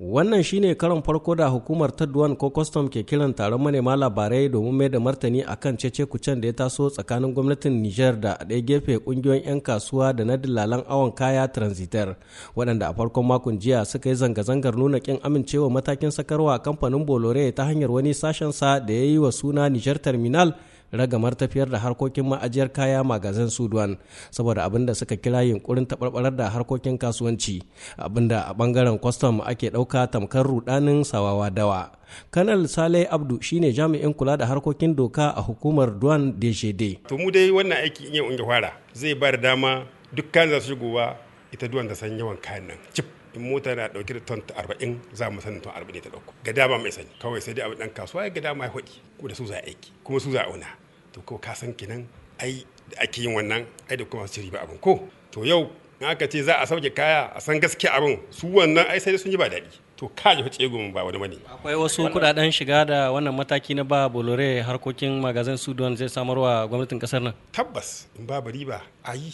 Wannan shine karon farko da hukumar ta Duwan ko kwastam ke kiran taron manema labarai domin mai da martani a kan cece kucen da ya taso tsakanin gwamnatin Nijar da a ɗaya gefe ƙungiyoyin 'yan kasuwa da na dillalan awon kaya transiter. waɗanda a farkon makon jiya suka yi zanga-zangar nuna ƙin amincewa matakin sakarwa kamfanin Bolore ta hanyar wani sashensa da ya yi wa suna niger Terminal ragamar tafiyar da harkokin ma'ajiyar kaya magazin sudan saboda abin da suka kira yunkurin taɓarɓarar da harkokin kasuwanci abinda a ɓangaren kwastam ake ɗauka tamkar rudanin sawawa dawa kanal sale abdu shine jami'in kula da harkokin doka a hukumar duwan djd to mu dai wannan aiki in yau in fara zai bar dama duk za su shigowa ita duwan da san yawan kayan nan cip in mota na dauke da ton 40 za mu sanin ton 40 ta dauko ga dama mai sani kawai sai dai abu dan kasuwa ga dama ya hudi ko da su za aiki kuma su za auna to ko ka san kinan ai da ake yin wannan ai da kuma su riba abin ko to yau in aka ce za a sauke kaya a san gaskiya abin su wannan ai sai sun yi ba daɗi to ka ji fice gumin ba wani bane akwai wasu kudaden shiga da wannan mataki na ba bolore harkokin magazin sudan zai samarwa gwamnatin kasar nan tabbas in ba riba a yi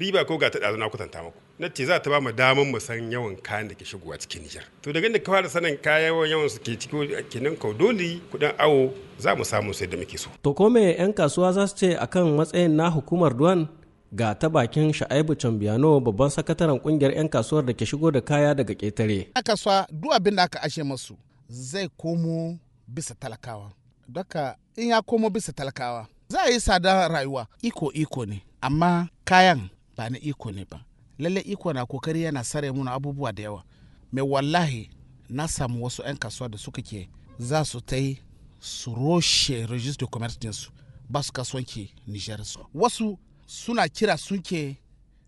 riba ko ga ta ɗazu na kwatanta muku na ce za ta ba mu damar mu san yawan kayan da ke shigowa cikin Nijar to daga inda ka fara sanin kayan yawan su ke ciki kenan kaudoli dole awo za mu samu sai da muke so to ko me yan kasuwa za su ce akan matsayin na hukumar duwan ga ta bakin sha'aibu Chambiano babban sakataren kungiyar 'yan kasuwar da ke shigo da kaya daga ketare a kasuwa duk abin da aka ashe musu zai komo bisa talakawa daka in ya komo bisa talakawa za a yi tsadar rayuwa iko iko ne amma kayan ba na iko ne ba lalle iko na kokari yana sare muna abubuwa da yawa mai wallahi na samu wasu 'yan kasuwa da suka ke za su ta yi su roshe register commerce dinsu ba su kasuwanci nijar su wasu suna kira suke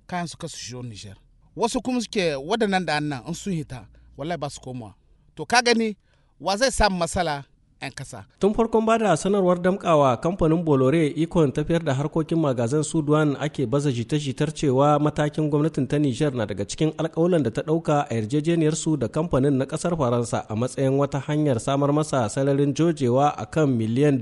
kayan su kasu shigo nijar wasu kuma suke waɗannan da annan in sun hita wallahi ba su komawa to ka gani wa zai samu matsala 'yan kasa. Tun farkon bada sanarwar damkawa kamfanin Bolore ikon tafiyar da harkokin magazan Sudan ake baza jita-jitar cewa matakin gwamnatin ta Nijar na daga cikin alkawalan da ta dauka a yarjejeniyar su da kamfanin na kasar Faransa a matsayin wata hanyar samar masa salarin jojewa a kan miliyan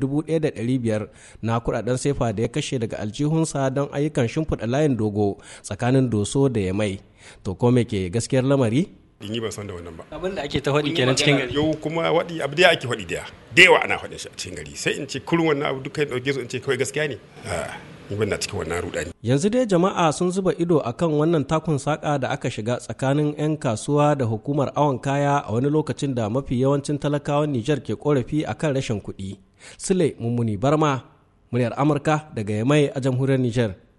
biyar na kuɗaɗen sefa da ya kashe daga aljihunsa don ayyukan shimfiɗa layin dogo tsakanin Doso da Yamai. To ko me ke gaskiyar lamari? in yi ban san da wannan ba abin da ake ta faɗi kenan cikin gari yau kuma waɗi abu da ake faɗi da da yawa ana faɗin shi a cikin gari sai in ce kurun wannan abu dukkan ɗauke su in ce kawai gaskiya ne in na cikin wannan rudani. Yanzu dai jama'a sun zuba ido akan wannan takun saka da aka shiga tsakanin 'yan kasuwa da hukumar awon kaya a wani lokacin da mafi yawancin talakawan Nijar ke korafi akan rashin kuɗi. Sule Mummuni Barma, muryar Amurka daga Yamai a jamhuriyar Nijar.